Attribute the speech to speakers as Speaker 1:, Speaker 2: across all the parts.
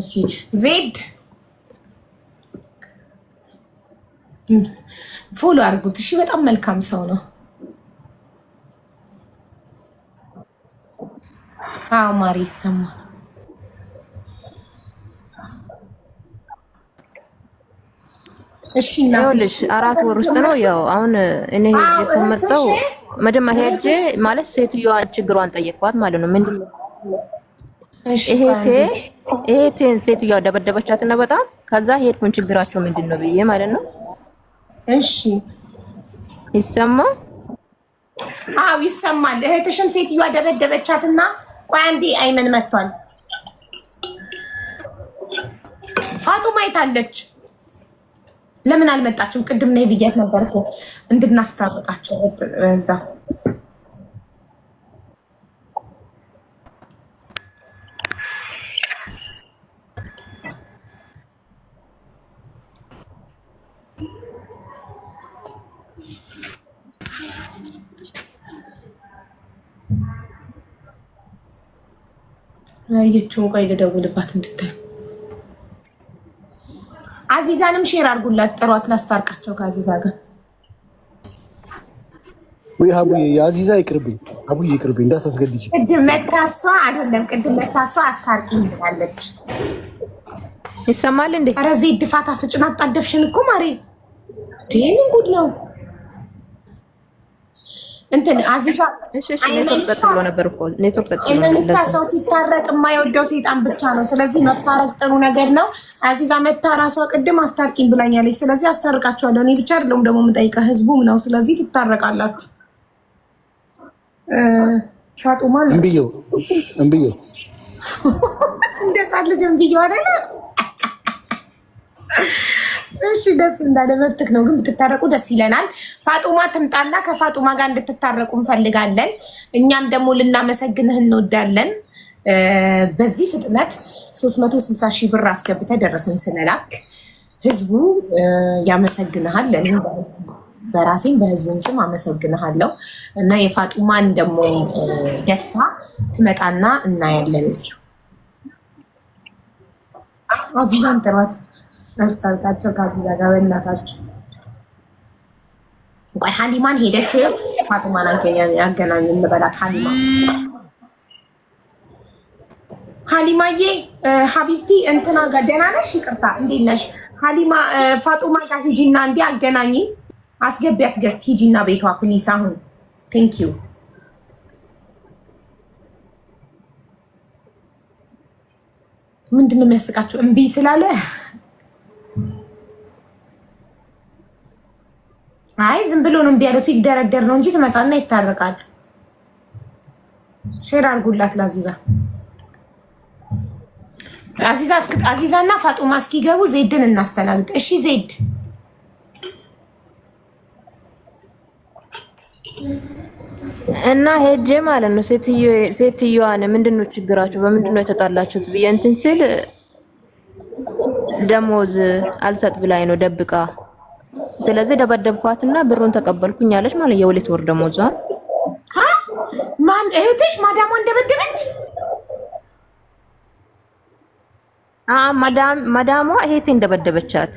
Speaker 1: እሺ ዜድ ፎሎ አድርጉት። እሺ በጣም መልካም ሰው ነው። አዎ ማሪ ይሰማል።
Speaker 2: እሺ ይኸውልሽ አራት ወር ውስጥ ነው ያው አሁን እኔ ሄጄ መጀመሪያ ሄጄ ማለት ሴትዮዋን ችግሯን ጠየቅኳት ማለት ነው ምንድን ነው ይሄቴን ሴትዮዋ ደበደበቻት እና በጣም ከዛ ሄድኩኝ። ችግራቸው ምንድን ነው ብዬ ማለት ነው። እሺ ይሰማ?
Speaker 1: አዎ ይሰማል። እህትሽን ሴትዮዋ ደበደበቻት እና ቆይ አንዴ አይመን መቷል። ፋጡማ የታለች? ለምን አልመጣችም? ቅድም ነይ ብያት ነበርኩ እኮ እንድናስታርቃቸው እዛ ያየችውን ቆይ ልደውልባት እንድታዩ። አዚዛንም ሼር አድርጉላት፣ ጥሯት፣ ላስታርቃቸው ከአዚዛ ጋር።
Speaker 3: ወይ አቡዬ የአዚዛ ይቅርብኝ፣ አቡዬ ይቅርብኝ፣ እንዳታስገድጂ።
Speaker 1: ቅድም መታሷ አይደለም ቅድም መታሷ አስታርቂኝ ብላለች። ይሰማል እንዴ? ኧረ ዜድ ፋታ ስጭን። አጣደፍሽን እኮ ማሬ። ምን ጉድ ነው? እንትን አዚዛ ነበር እኮ ሰው ሲታረቅ የማይወደው ሴጣን ብቻ ነው። ስለዚህ መታረቅ ጥሩ ነገር ነው። አዚዛ መታ ራሷ ቅድም አስታርቂኝ ብላኛለች። ስለዚህ አስታርቃቸዋለሁ። እኔ ብቻ አይደለሁም ደግሞ የምጠይቀ ህዝቡም ነው። ስለዚህ ትታረቃላችሁ። ፋጡማ
Speaker 3: እምብዬ እምብዬ
Speaker 1: እንደ ልጅ አይደለ እሺ ደስ እንዳለ መብትክ ነው፣ ግን ብትታረቁ ደስ ይለናል። ፋጡማ ትምጣና ከፋጡማ ጋር እንድትታረቁ እንፈልጋለን። እኛም ደግሞ ልናመሰግንህ እንወዳለን። በዚህ ፍጥነት 360 ሺህ ብር አስገብተህ ደረሰን ስንላክ ህዝቡ ያመሰግንሃል። ለኔ በራሴም በህዝቡም ስም አመሰግንሃለሁ እና የፋጡማን ደግሞ ደስታ ትመጣና እናያለን። እዚሁ አዚዛን ጥሯት። አስታርቃቸው ከአዚዛ ጋር በእናታችሁ። ቆይ ሀሊማን ሄደሽ ፋጡማን አንተኛ ያገናኝ እንበላት። ሀሊማ ሀሊማዬ፣ ሀቢብቲ እንትና ጋር ደህና ነሽ? ይቅርታ እንዴት ነሽ? ሀሊማ ፋጡማ ጋር ሂጂና እንዲ አገናኝ አስገቢያት ገስት ሂጂና ቤቷ ፕሊስ። አሁን ቴንክ ዩ ምንድን ነው የሚያስቃችሁ? እምቢ ስላለ አይ ዝም ብሎ ነው እምቢ ሲደረደር ነው እንጂ ትመጣና ይታረቃል። ሼር አርጉላት ለአዚዛ አዚዛ አዚዛ እና ፋጡማ እስኪገቡ ዜድን እናስተናግድ። እሺ ዜድ
Speaker 2: እና ሄጄ ማለት ነው ሴትዮዋን ምንድን ነው ችግራቸው በምንድን ነው የተጣላችሁት ብዬ እንትን ሲል ደሞዝ አልሰጥ ብላኝ ነው ደብቃ ስለዚህ ደበደብኳትና ብሩን ተቀበልኩኝ አለች ማለት የሁለት ወር ደሞዟን
Speaker 1: ማን እህትሽ ማዳሟ እንደበደበች
Speaker 2: ማዳሟ እህቴ እንደበደበቻት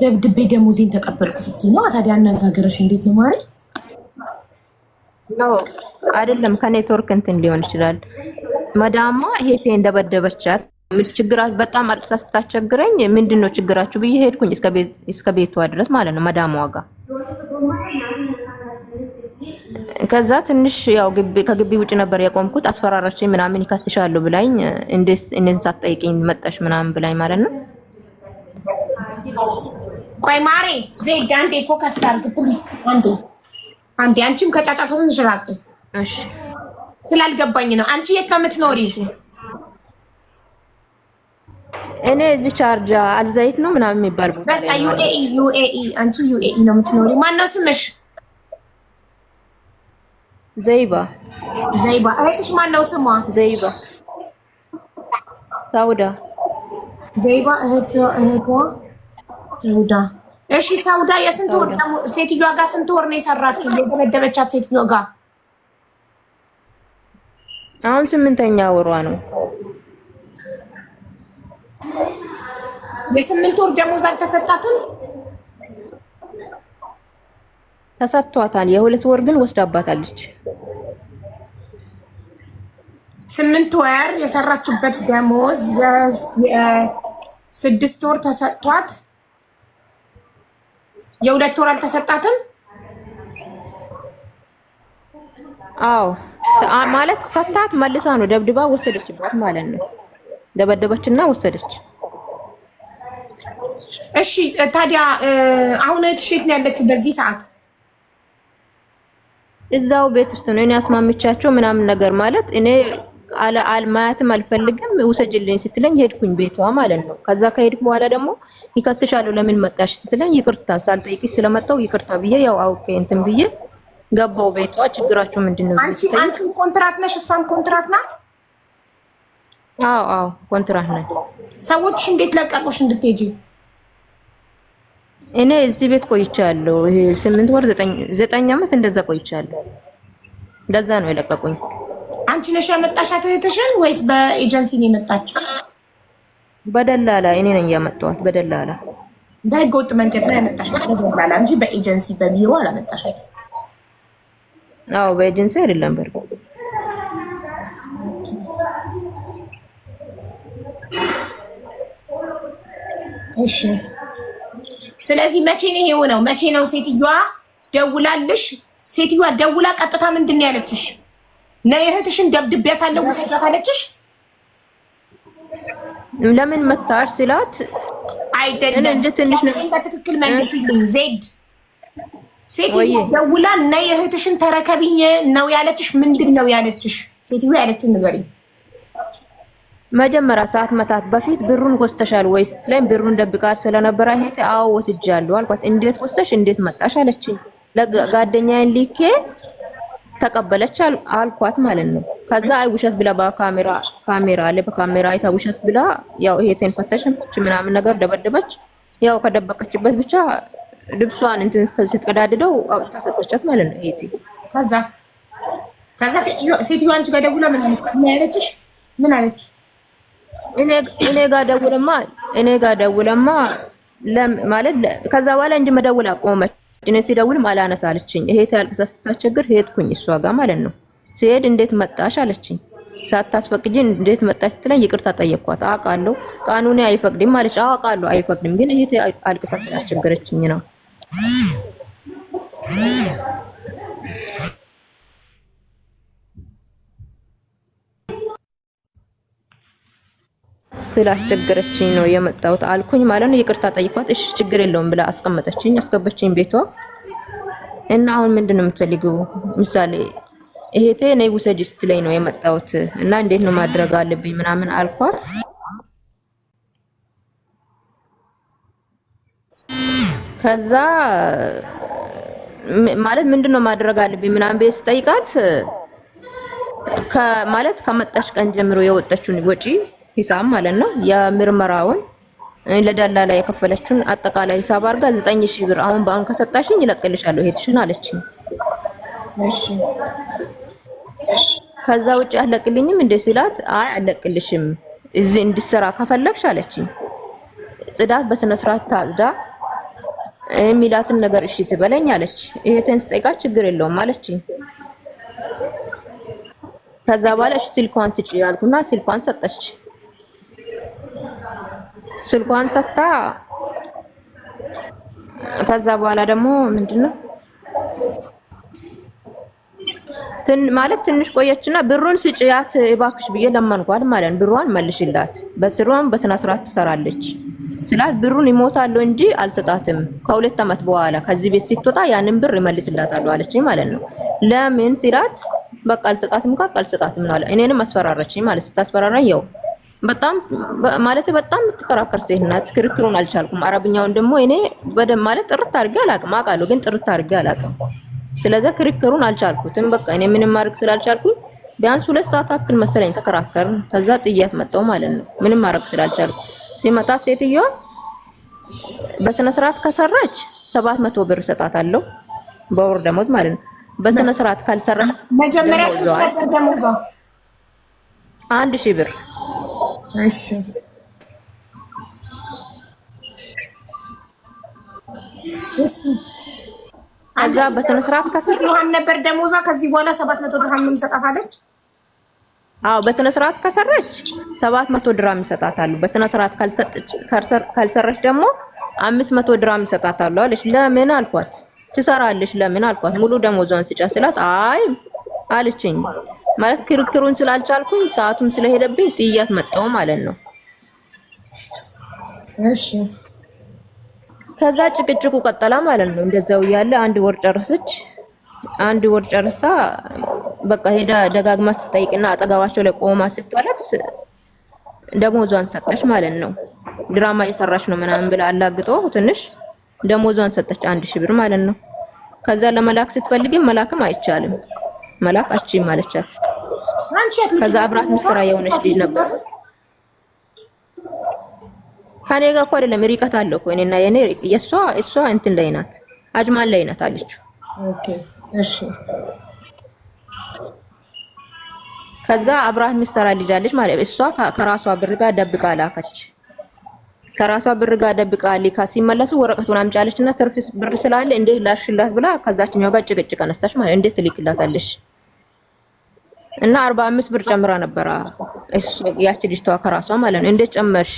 Speaker 1: ደብድቤ ደሞዜን ተቀበልኩ ስትይ ነው። ታዲያ አነጋገረሽ እንዴት ነው ማለት
Speaker 2: ነው? አይደለም ከኔትወርክ እንትን ሊሆን ይችላል። ማዳሟ እህቴ እንደበደበቻት ችግራችሁ በጣም አልቅሳ ስታስቸግረኝ ምንድን ነው ችግራችሁ ብዬ ሄድኩኝ እስከ ቤቷ ድረስ ማለት ነው መዳሟ ዋጋ ከዛ ትንሽ ያው ከግቢ ውጭ ነበር የቆምኩት። አስፈራራችኝ ምናምን ይካስሻለሁ ብላኝ እንዴት እኔን ሳትጠይቂኝ መጣሽ ምናምን ብላኝ ማለት ነው።
Speaker 1: ቆይ ማሬ ዜድ አንዴ ፎከስ ታርግ ፕሊስ። አንዴ አንዴ አንቺም ከጫጫታ ትንሽ ራቅ። እሺ ስላልገባኝ ነው። አንቺ የት ነው የምትኖሪ?
Speaker 2: እኔ እዚህ ቻርጃ አልዘይት ነው ምናምን የሚባል ቦታ
Speaker 1: በቃ ዩኤኢ ዩኤኢ አንቺ ዩኤኢ ነው የምትኖሪ። ማነው ስምሽ? ዘይባ ዘይባ። እህትሽ ማነው ስሟ?
Speaker 2: ዘይባ ሳውዳ።
Speaker 1: ዘይባ እህቷ ሳውዳ። እሺ ሳውዳ የስንት ወር ደግሞ ሴትዮዋ ጋር ስንት ወር ነው የሰራችው? የደመደመቻት ሴትዮዋ ጋር
Speaker 2: አሁን ስምንተኛ ወሯ ነው።
Speaker 1: የስምንት ወር ደሞዝ አልተሰጣትም?
Speaker 2: ተሰጥቷታል። የሁለት ወር ግን ወስዳባታለች።
Speaker 1: ስምንት ወር የሰራችበት ደሞዝ የስድስት ወር ተሰጥቷት የሁለት ወር አልተሰጣትም።
Speaker 2: አዎ ማለት ሰታት መልሳ ነው ደብድባ ወሰደችባት ማለት ነው። ደበደበችና ወሰደች።
Speaker 1: እሺ ታዲያ አሁን እህትሽ የት ነው ያለችው? በዚህ ሰዓት
Speaker 2: እዛው ቤት ውስጥ ነው። እኔ አስማምቻቸው ምናምን ነገር ማለት እኔ ማየትም አልፈልግም ውሰጅልኝ ስትለኝ ሄድኩኝ ቤቷ ማለት ነው። ከዛ ከሄድኩ በኋላ ደግሞ ይከስሻለሁ ለምን መጣሽ ስትለኝ ይቅርታ ሳልጠይቅሽ ስለመጣሁ ይቅርታ ብዬ ያው አውቄ እንትን ብዬ ገባው ቤቷ። ችግራችሁ ምንድን
Speaker 1: ነው? አንቺ አንቺም ኮንትራት ነሽ፣ እሷም ኮንትራት ናት።
Speaker 2: አዎ አዎ ኮንትራት ነሽ።
Speaker 1: ሰዎች እንዴት ለቀቁሽ እንድትሄጂ
Speaker 2: እኔ እዚህ ቤት ቆይቻለሁ። ይሄ ስምንት ወር ዘጠኝ አመት እንደዛ ቆይቻለሁ። እንደዛ ነው የለቀቁኝ።
Speaker 1: አንቺ ነሽ ያመጣሻት እህትሽን ወይስ በኤጀንሲ ነው የመጣችው?
Speaker 2: በደላላ እኔ ነኝ ያመጣኋት። በደላላ
Speaker 1: በህገ ወጥ መንገድ ነው ያመጣሻት በደላላ እንጂ በኤጀንሲ በቢሮ አላመጣሻት።
Speaker 2: አዎ በኤጀንሲ አይደለም። በእርግጥ
Speaker 1: እሺ ስለዚህ መቼ ነው ይሄው ነው መቼ ነው ሴትዮዋ ደውላልሽ? ሴትዮዋ ደውላ ቀጥታ ምንድን ነው ያለችሽ? ነይ እህትሽን ደብድቤያታለሁ ውሰጃት አለችሽ?
Speaker 2: ለምን መታሽ ስላት
Speaker 1: አይደለም እንደ ትንሽ ነው። በትክክል መልሽልኝ ዜድ። ሴትዮዋ ደውላ ነይ እህትሽን ተረከብኝ ነው ያለችሽ? ምንድን ነው ያለችሽ? ሴትዮዋ ያለችሽ ንገሪኝ።
Speaker 2: መጀመሪያ ሰዓት መታት በፊት ብሩን ወስተሻል ወይስ ስለም ብሩን ደብቃል ስለነበረ እህቴ አዎ ወስጃለሁ አልኳት። እንዴት ወሰሽ እንዴት መጣሽ አለችኝ። ለጓደኛዬን ሊኬ ተቀበለች አልኳት ማለት ነው። ከዛ አይ ውሸት ብላ በካሜራ ካሜራ አለ በካሜራ አይታ ውሸት ብላ ያው እህቴን ፈተሸች ምናምን ነገር ደበደበች። ያው ከደበቀችበት ብቻ ልብሷን እንትን ስትቀዳድደው አውጥታ ሰጠቻት ማለት ነው እህቴ።
Speaker 1: ከዛስ ከዛ ሴትዮዋ አንቺ ጋር ደውላ ምን አለች? ምን አለች?
Speaker 2: እኔ ጋር ደውለማ እኔ ጋር ደውለማ ማለት ከዛ በኋላ እንጂ መደውል አቆመች። እኔ ሲደውልም አላነሳለችኝ። ይሄ ታልቅሳ ስታስቸግር ሄድኩኝ እሷ ጋር ማለት ነው። ሲሄድ እንዴት መጣሽ አለችኝ። ሳታስፈቅጂ እንዴት መጣሽ ስትለኝ ይቅርታ ጠየቅኳት። አውቃለሁ ቃኑኔ አይፈቅድም ማለች። አውቃለሁ አይፈቅድም፣ ግን እሄት አልቅሳ ስላስቸገረችኝ ነው። ስላስቸገረችኝ ነው የመጣሁት አልኩኝ ማለት ነው። ይቅርታ ጠይኳት። እሺ ችግር የለውም ብላ አስቀመጠችኝ፣ አስገበችኝ ቤቷ እና አሁን ምንድን ነው የምትፈልጊው? ምሳሌ እህቴ ነይ ውሰጂ ስትለኝ ነው የመጣሁት እና እንዴት ነው ማድረግ አለብኝ ምናምን አልኳት። ከዛ ማለት ምንድን ነው ማድረግ አለብኝ ምናምን ቤት ስጠይቃት ማለት ከመጣሽ ቀን ጀምሮ የወጣችውን ወጪ ሂሳብ ማለት ነው የምርመራውን ለደላላ የከፈለችውን አጠቃላይ ሂሳብ አድርጋ ዘጠኝ ሺህ ብር አሁን በአሁን ከሰጣሽኝ ይለቅልሻለሁ እህትሽን አለችኝ። ከዛ ውጭ አለቅልኝም እንደ ሲላት አይ አለቅልሽም እዚህ እንድሰራ ከፈለግሽ አለችኝ። ጽዳት በስነ ስርዓት ታጽዳ የሚላትን ነገር እሺ ትበለኝ አለች። እህቴን ስጠይቃት ችግር የለውም አለችኝ። ከዛ በኋላ እሺ ስልኳን ስጪ ያልኩና ስልኳን ሰጠች። ስልኳን ሰታ ከዛ በኋላ ደግሞ ምንድነው ማለት ትንሽ ቆየችና ብሩን ስጭያት እባክሽ ብዬ ለመንኳል ማለት ነው። ብሯን መልሽላት በስሯን በስነ ስርዓት ትሰራለች ስላት ብሩን ይሞታለሁ እንጂ አልሰጣትም። ከሁለት ዓመት በኋላ ከዚህ ቤት ስትወጣ ያንን ብር ይመልስላታለሁ አለችኝ ማለት ነው። ለምን ሲላት በቃ አልሰጣትም፣ ካልሰጣትም ነው አለ። እኔንም አስፈራረችኝ ማለት ስታስፈራራኝ ያው በጣም ማለት በጣም የምትከራከር ሴት ናት። ክርክሩን አልቻልኩም። አረብኛውን ደግሞ እኔ በደም ማለት ጥርት አድርጌ አላቅም። አውቃለሁ ግን ጥርት አድርጌ አላቅም። ስለዚህ ክርክሩን አልቻልኩትም። በቃ እኔ ምንም ማድረግ ስላልቻልኩኝ ቢያንስ ሁለት ሰዓት አክል መሰለኝ ተከራከርን። ከዛ ጥያት መጣው ማለት ነው። ምንም ማድረግ ስላልቻልኩ ሲመጣ ሴትዮዋ በስነ ስርዓት ከሰራች ሰባት መቶ ብር እሰጣታለሁ በወር ደሞዝ ማለት ነው። በስነ ስርዓት ካልሰራች
Speaker 1: መጀመሪያ ስንት ነበር ደሞዟ? አንድ ሺህ ብር እሺ እሺ
Speaker 2: አጋ በስነ ስርዓት
Speaker 1: ነበር ደሞዟ። ከዚህ በኋላ ሰባት መቶ ድርሃም የምሰጣታለች።
Speaker 2: አዎ በስነ ስርዓት ከሰረች ሰባት መቶ ይሰጣታሉ። በስነ ስርዓት ካልሰረች ደግሞ አምስት መቶ ይሰጣታሉ አለች። ለምን አልኳት፣ ትሰራለች። ለምን አልኳት፣ ሙሉ ደሞዟን ስጫ ስላት አይ አለችኝ። ማለት ክርክሩን ስላልቻልኩኝ ሰዓቱም ስለሄደብኝ ጥያት መጣው ማለት ነው። እሺ ከዛ ጭቅጭቁ ቀጠላ ማለት ነው። እንደዛው እያለ አንድ ወር ጨርሰች አንድ ወር ጨርሳ በቃ ሄዳ ደጋግማ ስጠይቅና አጠገባቸው ላይ ቆማ ስታለቅስ ደሞዟን ሰጠች ማለት ነው። ድራማ እየሰራች ነው ምናምን ብላ አላግጦ ትንሽ ደሞዟን ሰጠች፣ አንድ ሺህ ብር ማለት ነው። ከዛ ለመላክ ስትፈልግም መላክም አይቻልም። መላክ አትችይም አለቻት። ከዛ አብራት ምትሰራ የሆነች ልጅ ነበር። ከኔ ጋር እኮ አይደለም ርቀት አለ እኮ እኔና የኔ የሷ እሷ እንትን ላይ ናት፣ አጅማል ላይ ናት አለችው።
Speaker 1: ኦኬ እሺ።
Speaker 2: ከዛ አብራት ምትሰራ ልጅ አለች ማለት እሷ ከራሷ ብር ጋር ደብቃ ላከች። ከራሷ ብር ጋር ደብቃ ሊካ ሲመለሱ ወረቀቱን አምጫለች እና ትርፍ ብር ስላለ እንዴት ላሽላት ብላ ከዛችኛው ጋር ጭቅጭቅ አነሳች ማለት እንዴት ትልክላታለች? እና 45 ብር ጨምራ ነበረ እሱ ያቺ ልጅቷ ከራሷ ማለት ነው። እንዴት ጨመርሽ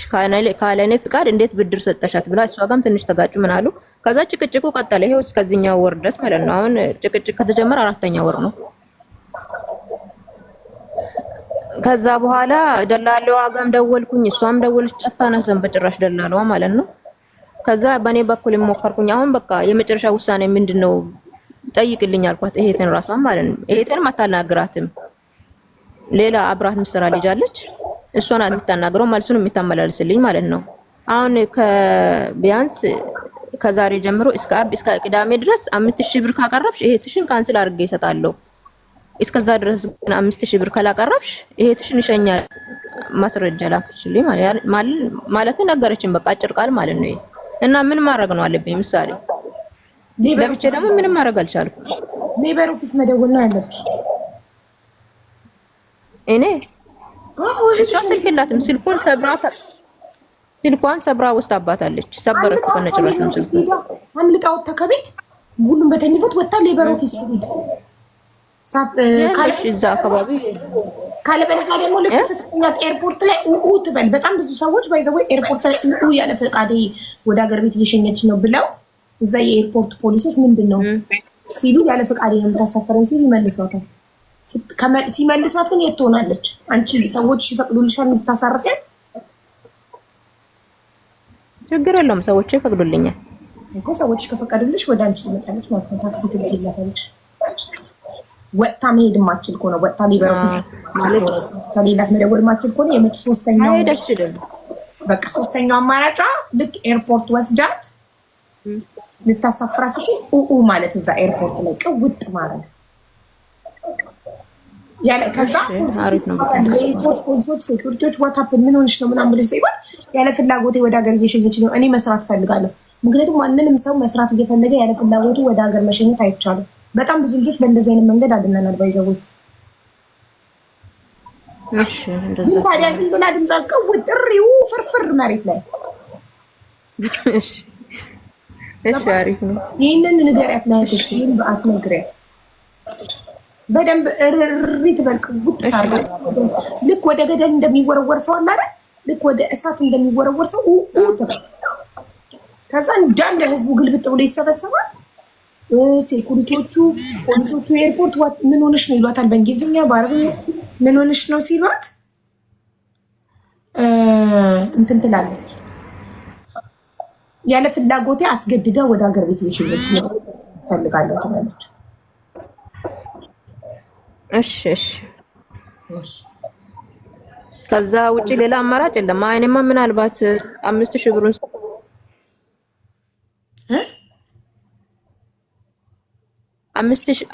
Speaker 2: ካለኔ ፍቃድ እንዴት ብድር ሰጠሻት ብላ እሷ ጋም ትንሽ ተጋጩ ምን አሉ። ከዛ ጭቅጭቁ ቀጠለ። ይሄው እስከዚህኛው ወር ድረስ ማለት ነው። አሁን ጭቅጭቅ ከተጀመረ አራተኛ ወር ነው። ከዛ በኋላ ደላለዋ ጋም ደወልኩኝ፣ እሷም ደወለች። ጫታ ናሰን በጭራሽ ደላለዋ ማለት ነው። ከዛ በኔ በኩል ሞከርኩኝ። አሁን በቃ የመጨረሻ ውሳኔ ምንድነው ጠይቅልኝ አልኳት። እሄትን ራሷን ማለት ነው። እህቴንም አታናግራትም ሌላ አብራት ምስራ ልጅ አለች። እሷን የምታናግረው መልሱን የምታመላልስልኝ ማለት ነው። አሁን ቢያንስ ከዛሬ ጀምሮ እስከ አርብ እስከ ቅዳሜ ድረስ አምስት ሺህ ብር ካቀረብሽ ይሄ ትሽን ካንስል አድርጌ ይሰጣለሁ። እስከዛ ድረስ ግን አምስት ሺህ ብር ካላቀረብሽ ይሄ ትሽን ይሸኛል። ማስረጃ ላክሽልኝ ማለት ነገረችን። በቃ አጭር ቃል ማለት ነው። እና ምን ማድረግ ነው አለብኝ? ምሳሌ ለብቻ ደግሞ ምንም ማድረግ አልቻልኩም።
Speaker 1: ሌበር ኦፊስ መደወል ነው ያለብሽ
Speaker 2: እኔ እሷ ስልክ የላትም። ስልኩን ሰብራ ስልኳን ሰብራ አባታለች። ሰበረች። ከነጭራሽ ነው
Speaker 1: ስልኩ አምልጣ ወጥታ ከቤት ሁሉም በተኝበት ወጥታ ሌበር ኦፊስ ትሄድ እዛ አካባቢ ካለበለዚያ ደግሞ ልክ ስትኛ ኤርፖርት ላይ ኡኡ ትበል። በጣም ብዙ ሰዎች ባይዘው ኤርፖርት ላይ ኡኡ ያለ ፈቃዴ ወደ ሀገር ቤት እየሸኘች ነው ብለው እዛ የኤርፖርት ፖሊሶች ምንድን ነው ሲሉ ያለ ፈቃዴ ነው የምታሳፈረኝ ሲሉ ይመልሷታል። ሲመልሷት ግን የት ትሆናለች? አንቺ ሰዎች ይፈቅዱልሻል የምታሳርፊያት?
Speaker 2: ችግር የለውም ሰዎች ይፈቅዱልኛል
Speaker 1: እኮ። ሰዎች ከፈቀዱልሽ ወደ አንቺ ትመጣለች ማለት ነው። ታክሲ ትልክ ይላታለች። ወጥታ መሄድ ማችል ከሆነ ወጥታ ሊበረ ከሌላት መደወል ማችል ከሆነ የመች ሶስተኛው በቃ ሶስተኛው አማራጫ ልክ ኤርፖርት ወስዳት ልታሳፍራ ስትል ኡኡ ማለት እዛ ኤርፖርት ላይ ቅውጥ ማድረግ ከዛ ኮንሶች ሴኩሪቲዎች ዋታፕ ምን ሆንሽ ነው ምናምን ብሎ ሲባት ያለ ፍላጎቴ ወደ ሀገር እየሸኘች ነው። እኔ መስራት ፈልጋለሁ። ምክንያቱም ማንንም ሰው መስራት እየፈለገ ያለ ፍላጎቱ ወደ ሀገር መሸኘት አይቻልም። በጣም ብዙ ልጆች በእንደዚህ አይነት መንገድ አድነናል። ባይዘወት ታዲያ ዝም ብላ ድምፅ አቀው ጥሪው ፍርፍር መሬት ላይ ይህንን ንገሪያት፣ ለእህትሽ ይህን በአስነግሪያት በደንብ ርሪት በልቅ ውጥ ልክ ወደ ገደል እንደሚወረወር ሰው አለ ልክ ወደ እሳት እንደሚወረወር ሰው ትበል። ከዛ እንዳንድ ህዝቡ ግልብጥ ብሎ ይሰበሰባል። ሴኩሪቲዎቹ፣ ፖሊሶቹ ኤርፖርት ምን ሆነሽ ነው ይሏታል። በእንግሊዝኛ በአረብ ምን ሆነሽ ነው ሲሏት እንትን ትላለች። ያለ ፍላጎቴ አስገድዳ ወደ ሀገር ቤት ሽለች ፈልጋለሁ ትላለች።
Speaker 2: እሺ እሺ ከዛ ውጪ ሌላ አማራጭ የለም። አይኔማ ምናልባት አምስት ሺህ ብሩን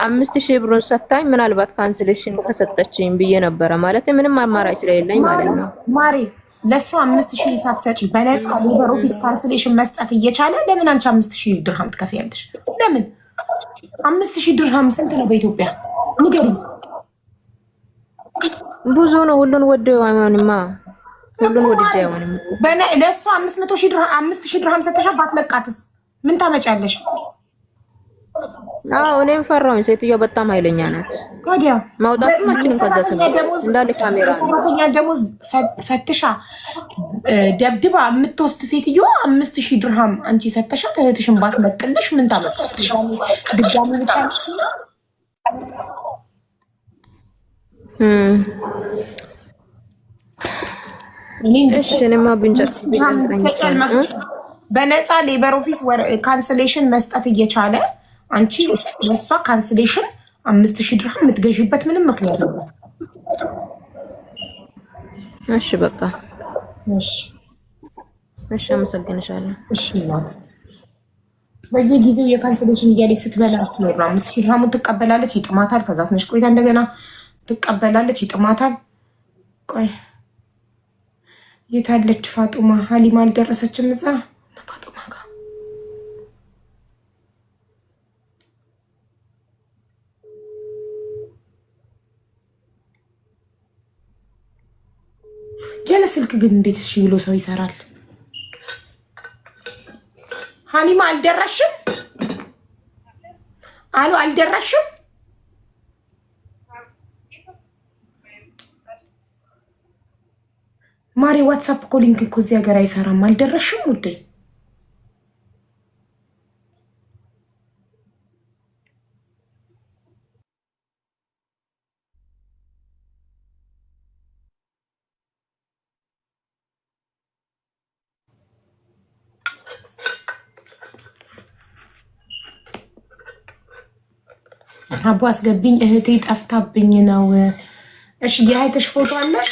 Speaker 2: አምስት ሺህ ብሩን ሰታኝ ምናልባት ካንስሌሽን ከሰጠችኝ ብዬ ነበረ። ማለት ምንም አማራጭ ስለሌለኝ ማለት ነው።
Speaker 1: ማሪ ለእሱ አምስት ሺህ ሳትሰጪ በነፃ ሌበር ኦፊስ ካንስሌሽን መስጠት እየቻለ ለምን አንቺ አምስት ሺህ ድርሃም ትከፍያለሽ? ለምን አምስት ሺህ ድርሃም ስንት ነው በኢትዮጵያ ንገሪኝ?
Speaker 2: ብዙ ነው። ሁሉን ወደ አይሆንማ። ሁሉን ወዶ አይሆንም።
Speaker 1: በነ አምስት መቶ ሺህ ድርሃም አምስት ሺህ ድርሃም ሰተሻ ባትለቃትስ ምን ታመጫለሽ?
Speaker 2: አዎ እኔም ፈራሁኝ። ሴትዮዋ በጣም ኃይለኛ ናት። ታዲያ ማውጣት ማችን
Speaker 1: ነው እንዳለ ካሜራ ሰራተኛ ደሞዝ ፈትሻ ደብድባ የምትወስድ ሴትዮዋ አምስት ሺህ ድርሃም አንቺ ሰተሻ እህትሽን ባትለቅልሽ ምን ታመጣለሽ? ድጋሚ ልታልቅሽ በነፃ ሌበር ኦፊስ ካንስሌሽን መስጠት እየቻለ አንቺ ለሷ ካንስሌሽን አምስት ሺህ ድርሃም የምትገዥበት ምንም ምክንያት ነው።
Speaker 2: እሺ በቃ እሺ፣ አመሰግንሻለሁ።
Speaker 1: በየጊዜው የካንስሌሽን እያለች ስትበላ ትኖር ነው። አምስት ሺህ ድርሃሙን ትቀበላለች፣ ይጥማታል። ከዛ ትንሽ ቆይታ እንደገና ትቀበላለች፣ ይጥማታል። ቆይ የታለች ፋጡማ? ሀሊማ አልደረሰችም እዛ ያለ ስልክ ግን እንዴት እሺ ብሎ ሰው ይሰራል? ሀሊማ አልደረሽም አሉ አልደረሽም ዛሬ ዋትሳፕ ኮሊንግ እኮ እዚህ ሀገር አይሰራም። አልደረሽም ውዴ? አቦ አስገብኝ፣ እህቴ ጠፍታብኝ ነው። እሺ የሀይተሽ ፎቶ አለሽ?